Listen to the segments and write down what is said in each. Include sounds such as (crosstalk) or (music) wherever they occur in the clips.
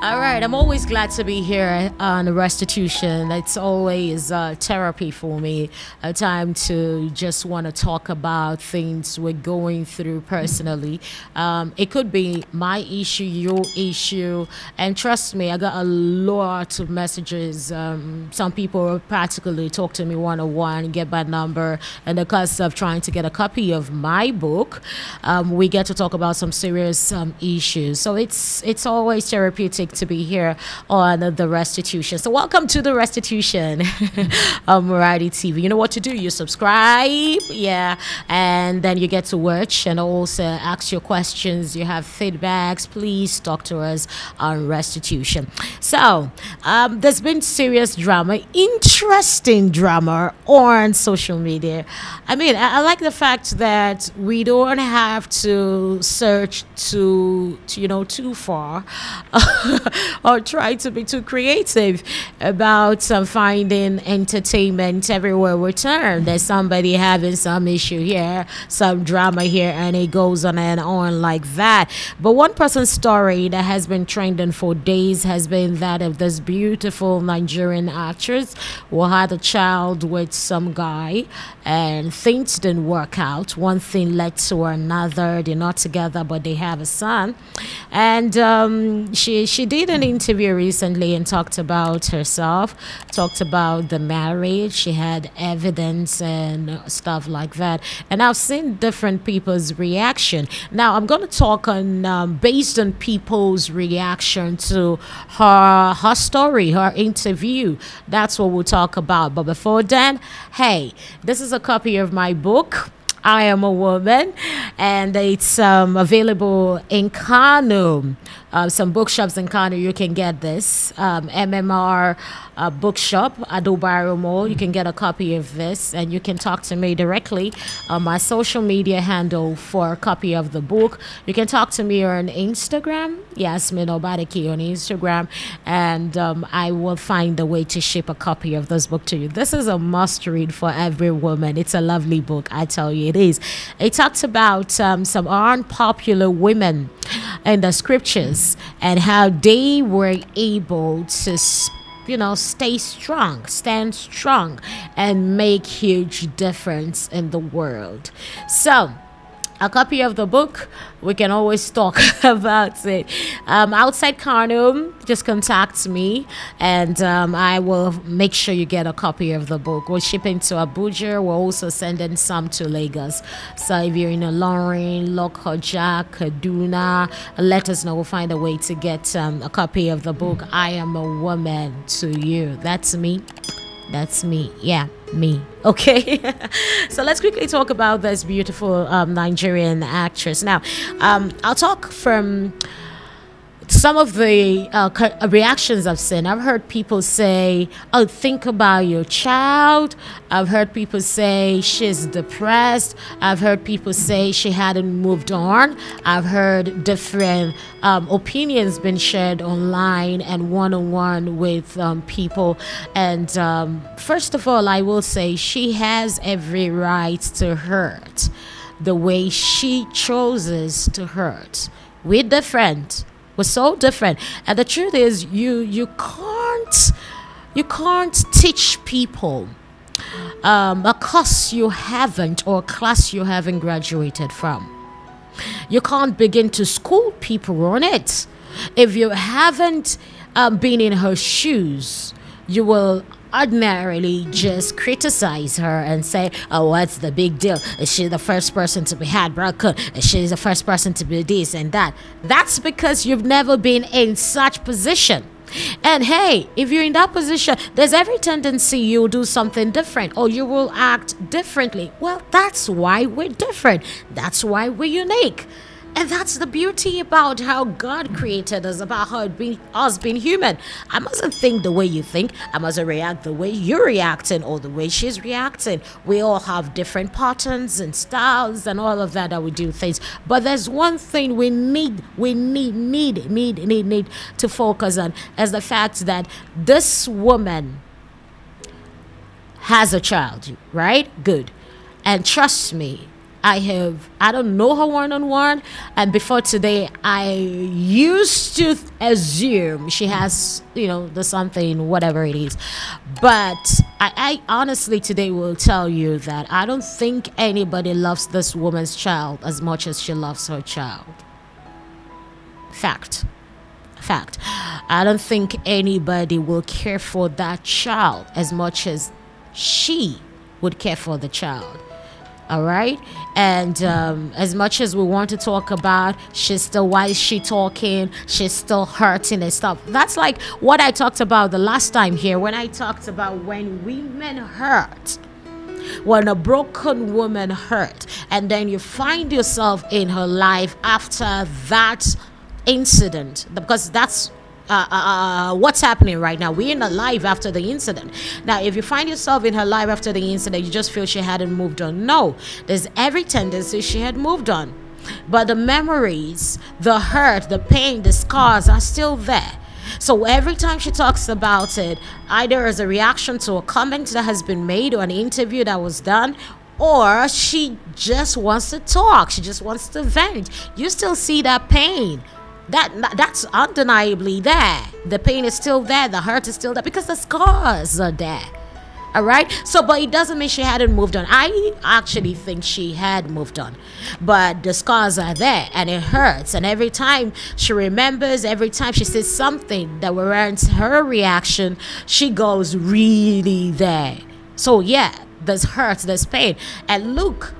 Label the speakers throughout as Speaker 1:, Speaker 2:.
Speaker 1: All right, I'm always glad to be here on restitution. It's always uh, therapy for me, a time to just want to talk about things we're going through personally. Um, it could be my issue, your issue, and trust me, I got a lot of messages. Um, some people practically talk to me one on one, get my number, and because of trying to get a copy of my book, um, we get to talk about some serious um, issues. So it's it's always therapeutic to be here on The Restitution. So, welcome to The Restitution on Variety TV. You know what to do. You subscribe, yeah, and then you get to watch and also ask your questions. You have feedbacks, please talk to us on Restitution. So, um, there's been serious drama, interesting drama on social media. I mean, I, I like the fact that we don't have to search to you know, too far. (laughs) (laughs) or try to be too creative about uh, finding entertainment everywhere we turn. There's somebody having some issue here, some drama here, and it goes on and on like that. But one person's story that has been trending for days has been that of this beautiful Nigerian actress who had a child with some guy and things didn't work out. One thing led to another. They're not together, but they have a son. And um, she, she did an interview recently and talked about herself, talked about the marriage. She had evidence and stuff like that. And I've seen different people's reaction. Now, I'm going to talk on um, based on people's reaction to her her story, her interview. That's what we'll talk about. But before then, hey, this is a copy of my book. I am a woman, and it's um, available in Kano uh, some bookshops in Kano, you can get this. Um, MMR uh, Bookshop, Adobaro Mall, you can get a copy of this and you can talk to me directly on uh, my social media handle for a copy of the book. You can talk to me on Instagram, Yasmin Obadiki on Instagram, and um, I will find a way to ship a copy of this book to you. This is a must read for every woman. It's a lovely book, I tell you, it is. It talks about um, some unpopular women in the scriptures and how they were able to you know stay strong stand strong and make huge difference in the world so a copy of the book, we can always talk (laughs) about it. Um, outside Carnum, just contact me and um, I will make sure you get a copy of the book. We're shipping to Abuja. We're also sending some to Lagos. So if you're in Ilorin, Lokoja, Kaduna, let us know. We'll find a way to get um, a copy of the book. I am a woman to you. That's me. That's me. Yeah, me. Okay. (laughs) so let's quickly talk about this beautiful um, Nigerian actress. Now, um, I'll talk from some of the uh, uh, reactions I've seen, I've heard people say, Oh, think about your child. I've heard people say she's depressed. I've heard people say she hadn't moved on. I've heard different um, opinions being shared online and one on one with um, people. And um, first of all, I will say she has every right to hurt the way she chooses to hurt. with the friend was so different. And the truth is, you you can't you can't teach people um, a course you haven't or a class you haven't graduated from. You can't begin to school people on it if you haven't um, been in her shoes. You will ordinarily just criticize her and say, oh, what's the big deal? Is she the first person to be had, broken? Is she the first person to be this and that? That's because you've never been in such position. And hey, if you're in that position, there's every tendency you'll do something different or you will act differently. Well, that's why we're different. That's why we're unique. And that's the beauty about how God created us, about how being, us being human. I mustn't think the way you think. I mustn't react the way you're reacting or the way she's reacting. We all have different patterns and styles and all of that that we do things. But there's one thing we need, we need, need, need, need, need to focus on is the fact that this woman has a child, right? Good. And trust me, I have I don't know her one on one, and before today I used to assume she has you know the something whatever it is, but I, I honestly today will tell you that I don't think anybody loves this woman's child as much as she loves her child. Fact fact. I don't think anybody will care for that child as much as she would care for the child all right and um, as much as we want to talk about she's still why is she talking she's still hurting and stuff that's like what i talked about the last time here when i talked about when women hurt when a broken woman hurt and then you find yourself in her life after that incident because that's uh, uh, uh, what's happening right now. We're in her life after the incident. Now, if you find yourself in her life after the incident, you just feel she hadn't moved on. No, there's every tendency she had moved on. But the memories, the hurt, the pain, the scars are still there. So every time she talks about it, either as a reaction to a comment that has been made or an interview that was done, or she just wants to talk. She just wants to vent. You still see that pain that that's undeniably there the pain is still there the hurt is still there because the scars are there all right so but it doesn't mean she hadn't moved on i actually think she had moved on but the scars are there and it hurts and every time she remembers every time she says something that warrants her reaction she goes really there so yeah there's hurt there's pain and look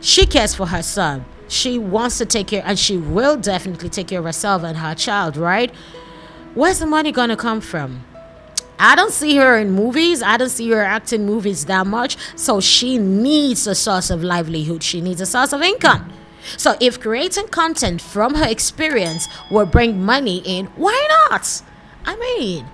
Speaker 1: she cares for her son she wants to take care and she will definitely take care of herself and her child right where's the money gonna come from I don't see her in movies. I don't see her acting movies that much. So she needs a source of livelihood. She needs a source of income. So if creating content from her experience will bring money in, why not? I mean,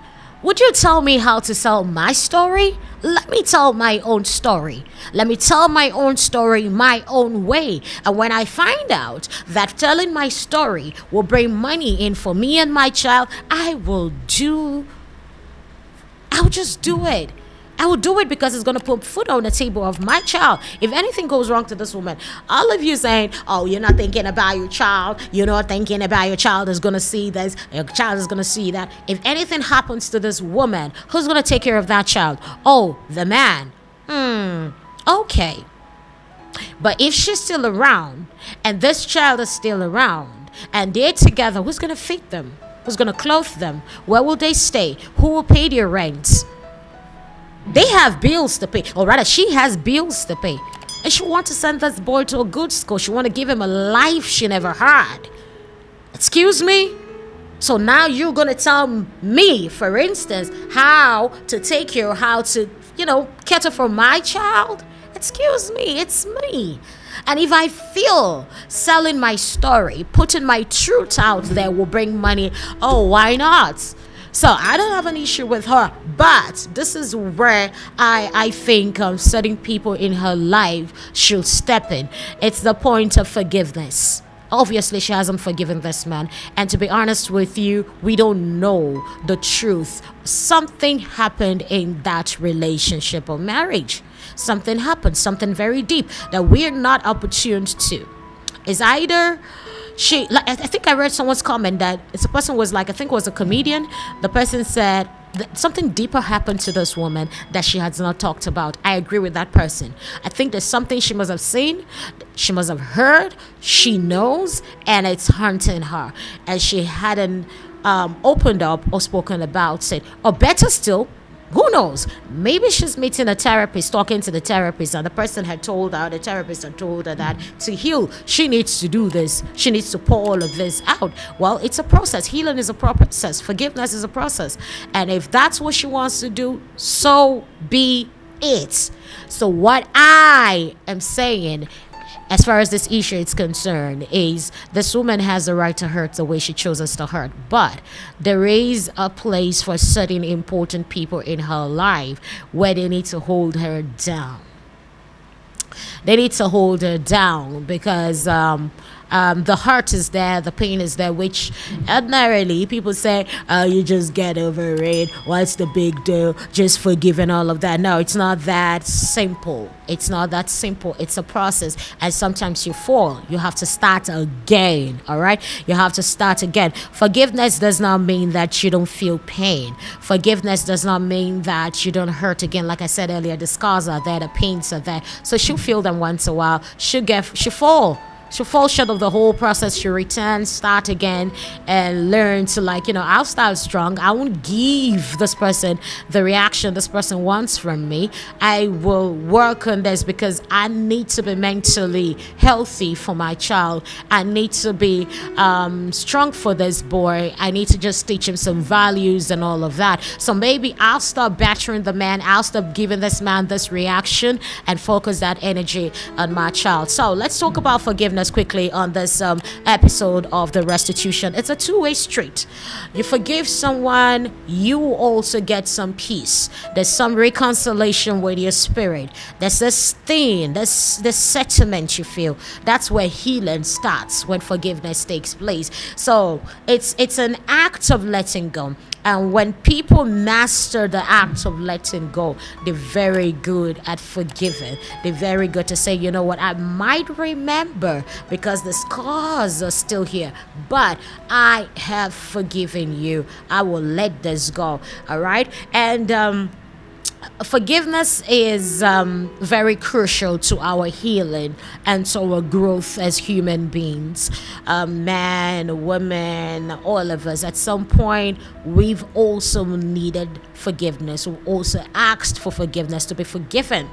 Speaker 1: would you tell me how to tell my story? Let me tell my own story. Let me tell my own story my own way. And when I find out that telling my story will bring money in for me and my child, I will do, I'll just do it. I will do it because it's going to put food on the table of my child. If anything goes wrong to this woman, all of you saying, oh, you're not thinking about your child. You're not thinking about your child is going to see this. Your child is going to see that. If anything happens to this woman, who's going to take care of that child? Oh, the man. Hmm. Okay. But if she's still around and this child is still around and they're together, who's going to feed them? Who's going to clothe them? Where will they stay? Who will pay their rent? They have bills to pay, or rather, she has bills to pay. And she wants to send this boy to a good school. She wants to give him a life she never had. Excuse me? So now you're going to tell me, for instance, how to take care, how to, you know, cater for my child? Excuse me, it's me. And if I feel selling my story, putting my truth out there will bring money, oh, why not? So I don't have an issue with her, but this is where I, I think um, certain people in her life should step in. It's the point of forgiveness obviously she hasn't forgiven this man and to be honest with you we don't know the truth something happened in that relationship or marriage something happened something very deep that we're not opportuned to is either she like I think I read someone's comment that it's a person was like I think it was a comedian. The person said something deeper happened to this woman that she has not talked about. I agree with that person. I think there's something she must have seen, she must have heard, she knows, and it's haunting her. And she hadn't um, opened up or spoken about it. Or better still, who knows? Maybe she's meeting a therapist, talking to the therapist, and the person had told her, the therapist had told her that to heal, she needs to do this. She needs to pour all of this out. Well, it's a process. Healing is a process. Forgiveness is a process. And if that's what she wants to do, so be it. So, what I am saying as far as this issue is concerned, is this woman has the right to hurt the way she chooses to hurt. But there is a place for certain important people in her life where they need to hold her down. They need to hold her down because um, um, the hurt is there, the pain is there, which ordinarily people say, oh, you just get over it. What's the big deal? Just forgive and all of that. No, it's not that simple. It's not that simple. It's a process. And sometimes you fall. You have to start again. All right? You have to start again. Forgiveness does not mean that you don't feel pain. Forgiveness does not mean that you don't hurt again. Like I said earlier, the scars are there, the pains are there. So she'll feel them once a while. She'll get, she'll fall she'll fall short of the whole process. She'll return, start again, and learn to like, you know, I'll start strong. I won't give this person the reaction this person wants from me. I will work on this because I need to be mentally healthy for my child. I need to be um, strong for this boy. I need to just teach him some values and all of that. So maybe I'll stop battering the man. I'll stop giving this man this reaction and focus that energy on my child. So let's talk about forgiveness us quickly on this um, episode of the restitution. It's a two way street. You forgive someone, you also get some peace. There's some reconciliation with your spirit. There's this thing, this, this settlement you feel. That's where healing starts when forgiveness takes place. So it's it's an act of letting go. And when people master the act of letting go, they're very good at forgiving. They're very good to say, you know what, I might remember because the scars are still here, but I have forgiven you. I will let this go. All right. And, um, Forgiveness is um, very crucial to our healing and to our growth as human beings. Um, men, women, all of us, at some point, we've also needed forgiveness. We've also asked for forgiveness to be forgiven.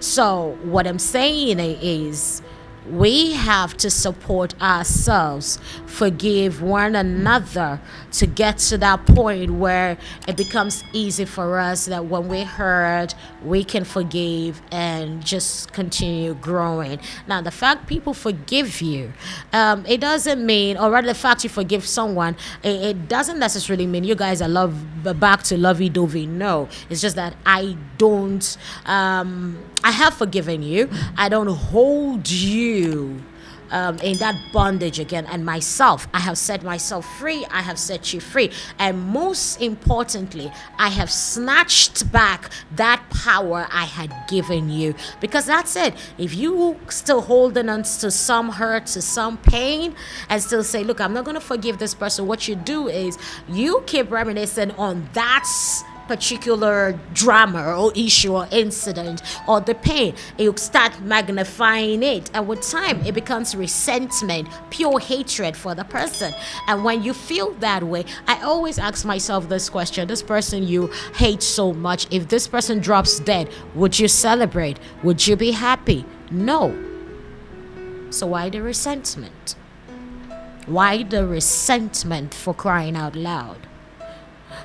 Speaker 1: So, what I'm saying is, we have to support ourselves, forgive one another to get to that point where it becomes easy for us that when we hurt, we can forgive and just continue growing. Now, the fact people forgive you, um, it doesn't mean, or rather, the fact you forgive someone, it, it doesn't necessarily mean you guys are love back to lovey dovey. No, it's just that I don't, um, I have forgiven you, I don't hold you you um, in that bondage again. And myself, I have set myself free. I have set you free. And most importantly, I have snatched back that power I had given you. Because that's it. If you still holding on to some hurt, to some pain, and still say, look, I'm not going to forgive this person, what you do is you keep reminiscing on that particular drama or issue or incident or the pain, you start magnifying it. And with time, it becomes resentment, pure hatred for the person. And when you feel that way, I always ask myself this question this person you hate so much, if this person drops dead, would you celebrate? Would you be happy? No. So why the resentment? Why the resentment for crying out loud?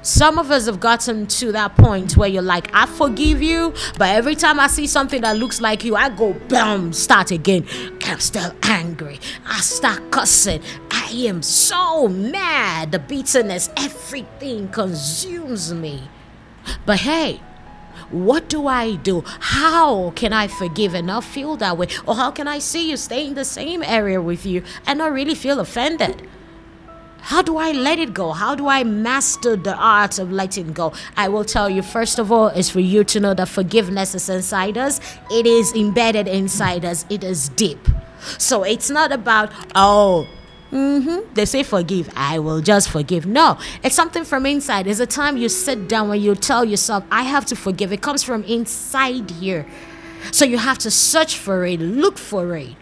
Speaker 1: Some of us have gotten to that point where you're like, I forgive you, but every time I see something that looks like you, I go, boom, start again. I'm still angry. I start cussing. I am so mad. The bitterness, everything consumes me. But hey, what do I do? How can I forgive and not feel that way? Or how can I see you stay in the same area with you and not really feel offended? How do I let it go? How do I master the art of letting go? I will tell you, first of all, is for you to know that forgiveness is inside us, it is embedded inside us, it is deep. So it's not about, oh, Mm-hmm. They say forgive. I will just forgive. No, it's something from inside. It's a time you sit down when you tell yourself, I have to forgive. It comes from inside here. So you have to search for it, look for it,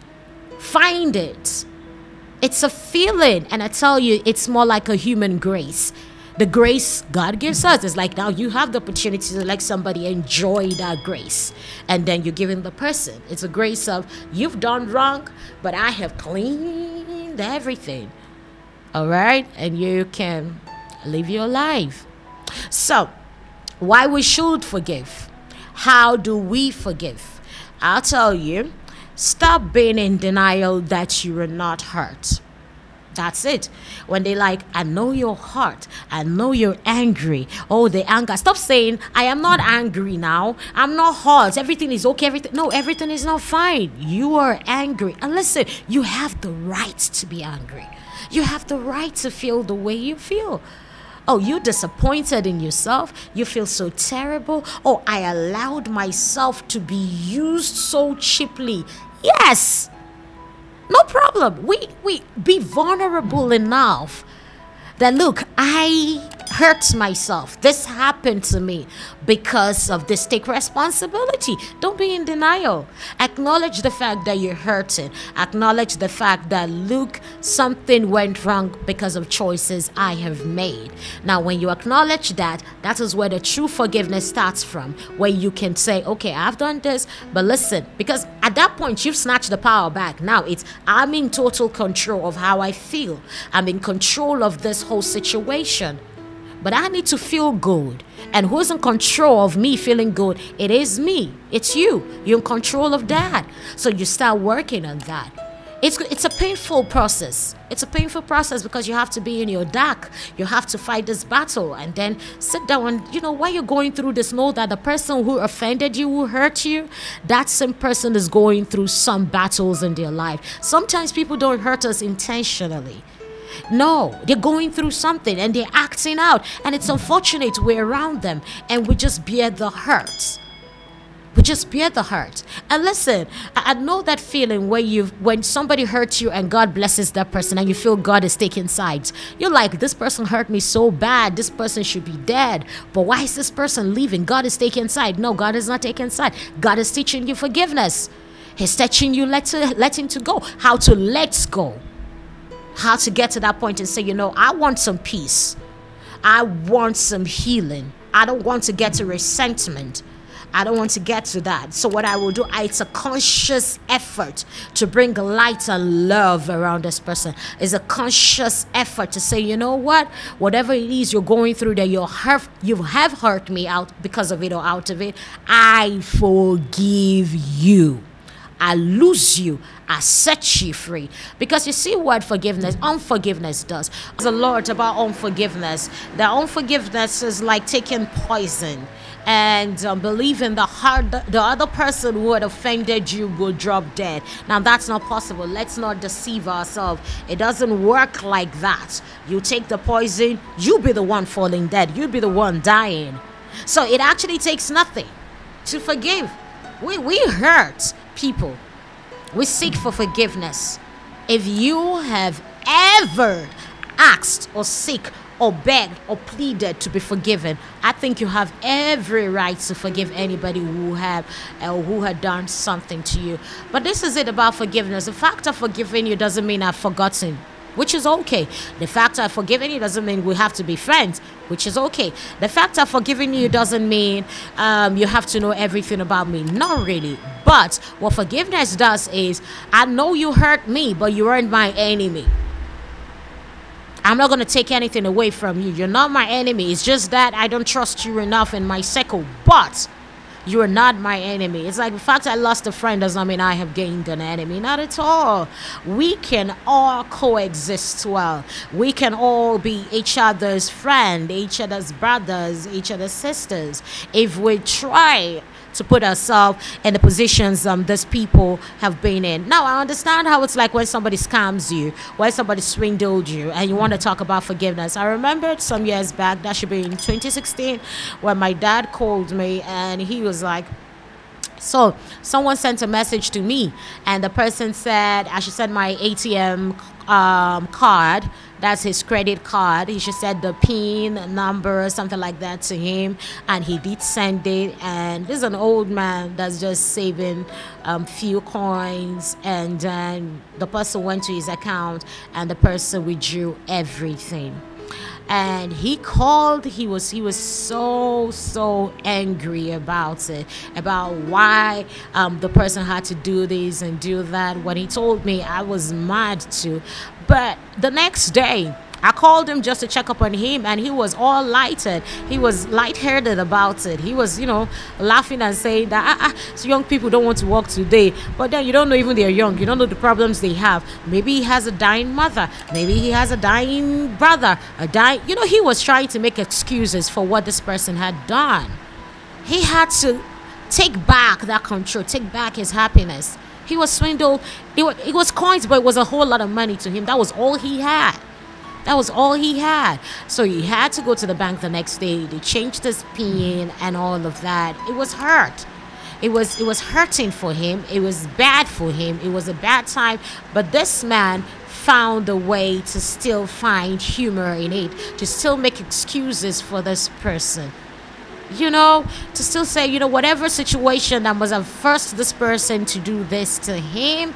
Speaker 1: find it. It's a feeling. And I tell you, it's more like a human grace. The grace God gives us is like now you have the opportunity to let somebody enjoy that grace. And then you're giving the person. It's a grace of you've done wrong, but I have cleaned everything. All right? And you can live your life. So, why we should forgive? How do we forgive? I'll tell you Stop being in denial that you were not hurt. That's it. When they like, I know your heart. I know you're angry. Oh, the anger. Stop saying, I am not angry now. I'm not hurt. Everything is okay. Everything. No, everything is not fine. You are angry. And listen, you have the right to be angry. You have the right to feel the way you feel. Oh, you're disappointed in yourself. You feel so terrible. Oh, I allowed myself to be used so cheaply Yes. No problem. We we be vulnerable enough that look, I hurt myself. This happened to me because of this. Take responsibility. Don't be in denial. Acknowledge the fact that you're hurting. Acknowledge the fact that, look, something went wrong because of choices I have made. Now, when you acknowledge that, that is where the true forgiveness starts from, where you can say, okay, I've done this, but listen, because at that point, you've snatched the power back. Now it's, I'm in total control of how I feel, I'm in control of this whole situation. But I need to feel good. And who's in control of me feeling good? It is me. It's you. You're in control of that. So you start working on that. It's, it's a painful process. It's a painful process because you have to be in your dark. You have to fight this battle and then sit down and, you know, while you're going through this, know that the person who offended you, who hurt you, that same person is going through some battles in their life. Sometimes people don't hurt us intentionally no, they're going through something and they're acting out, and it's unfortunate we're around them and we just bear the hurt. We just bear the hurt. And listen, I, I know that feeling where you when somebody hurts you and God blesses that person and you feel God is taking sides. You're like, this person hurt me so bad. This person should be dead. But why is this person leaving? God is taking side. No, God is not taking side. God is teaching you forgiveness. He's teaching you let to, letting to go, how to let go how to get to that point and say, you know, I want some peace. I want some healing. I don't want to get to resentment. I don't want to get to that. So what I will do, it's a conscious effort to bring light and love around this person. It's a conscious effort to say, you know what, whatever it is you're going through that you hurt, you have hurt me out because of it or out of it, I forgive you. I lose you, I set you free. Because you see what forgiveness, unforgiveness does. There's a lot about unforgiveness. That unforgiveness is like taking poison and um, believing the heart the other person who had offended you will drop dead. Now that's not possible. Let's not deceive ourselves. It doesn't work like that. You take the poison, you be the one falling dead. You be the one dying. So it actually takes nothing to forgive. We we hurt people. We seek for forgiveness. If you have ever asked or seek or begged or pleaded to be forgiven, I think you have every right to forgive anybody who have or uh, who had done something to you. But this is it about forgiveness. The fact of forgiving you doesn't mean I've forgotten which is okay. The fact of forgiving you doesn't mean we have to be friends, which is okay. The fact of forgiving you doesn't mean um, you have to know everything about me. Not really. But what forgiveness does is, I know you hurt me, but you are not my enemy. I'm not going to take anything away from you. You're not my enemy. It's just that I don't trust you enough in my circle. But you are not my enemy. It's like the fact I lost a friend does not mean I have gained an enemy. Not at all. We can all coexist well. We can all be each other's friend, each other's brothers, each other's sisters. If we try to put ourselves in the positions um, these people have been in. Now, I understand how it's like when somebody scams you, when somebody swindled you, and you want to talk about forgiveness. I remembered some years back, that should be in 2016, when my dad called me and he was like, so someone sent a message to me, and the person said I should send my ATM um, card that's his credit card. He just said the PIN number, something like that to him. And he did send it. And this is an old man that's just saving um, few coins. And then the person went to his account and the person withdrew everything and he called he was he was so so angry about it about why um, the person had to do this and do that when he told me i was mad too but the next day I called him just to check up on him, and he was all lighted. He was light-headed about it. He was, you know, laughing and saying that ah, ah, so young people don't want to work today. But then you don't know even they're young. You don't know the problems they have. Maybe he has a dying mother. Maybe he has a dying brother. A dying, you know, he was trying to make excuses for what this person had done. He had to take back that control, take back his happiness. He was swindled. it was coins, but it was a whole lot of money to him. That was all he had. That was all he had. So he had to go to the bank the next day. They changed his PIN and all of that. It was hurt. It was it was hurting for him. It was bad for him. It was a bad time. But this man found a way to still find humor in it, to still make excuses for this person you know, to still say, you know, whatever situation that was at first, this person to do this to him,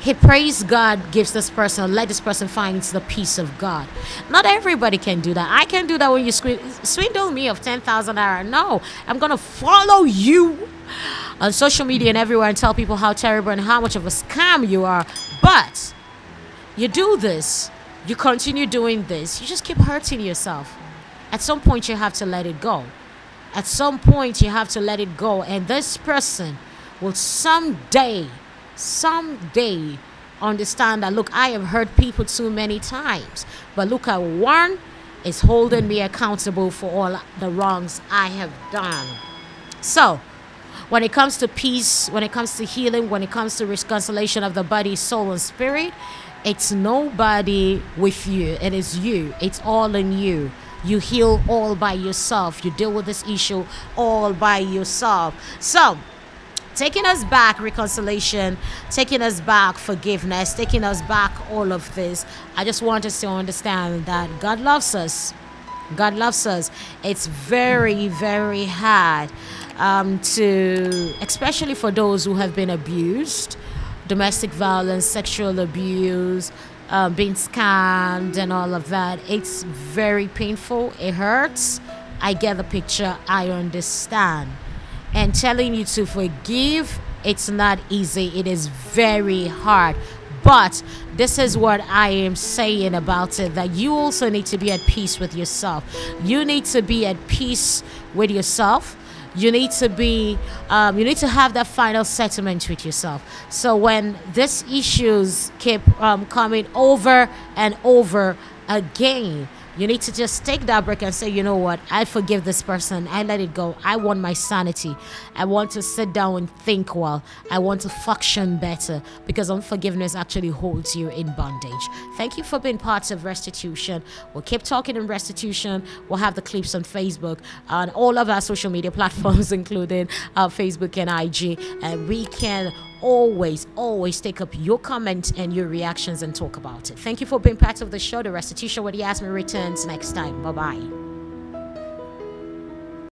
Speaker 1: he prays God gives this person, let this person find the peace of God. Not everybody can do that. I can do that when you swindle me of 10,000 hours. No, I'm going to follow you on social media and everywhere and tell people how terrible and how much of a scam you are. But you do this, you continue doing this, you just keep hurting yourself. At some point, you have to let it go. At some point, you have to let it go. And this person will someday someday understand that look i have hurt people too many times but look at one is holding me accountable for all the wrongs i have done so when it comes to peace when it comes to healing when it comes to reconciliation of the body soul and spirit it's nobody with you it is you it's all in you you heal all by yourself you deal with this issue all by yourself so taking us back reconciliation, taking us back forgiveness, taking us back all of this. I just want us to understand that God loves us. God loves us. It's very, very hard um, to, especially for those who have been abused, domestic violence, sexual abuse, uh, being scammed, and all of that. It's very painful. It hurts. I get the picture. I understand and telling you to forgive, it's not easy. It is very hard. But this is what I am saying about it that you also need to be at peace with yourself. You need to be at peace with yourself. You need to be, um, you need to have that final settlement with yourself. So when these issues keep um, coming over and over again, you need to just take that break and say, you know what, I forgive this person. I let it go. I want my sanity. I want to sit down and think well. I want to function better because unforgiveness actually holds you in bondage. Thank you for being part of restitution. We'll keep talking in restitution. We'll have the clips on Facebook and all of our social media platforms, (laughs) including uh, Facebook and IG. And we can always, always take up your comments and your reactions and talk about it. Thank you for being part of the show. The Restitution with Yasmin returns next time. Bye bye.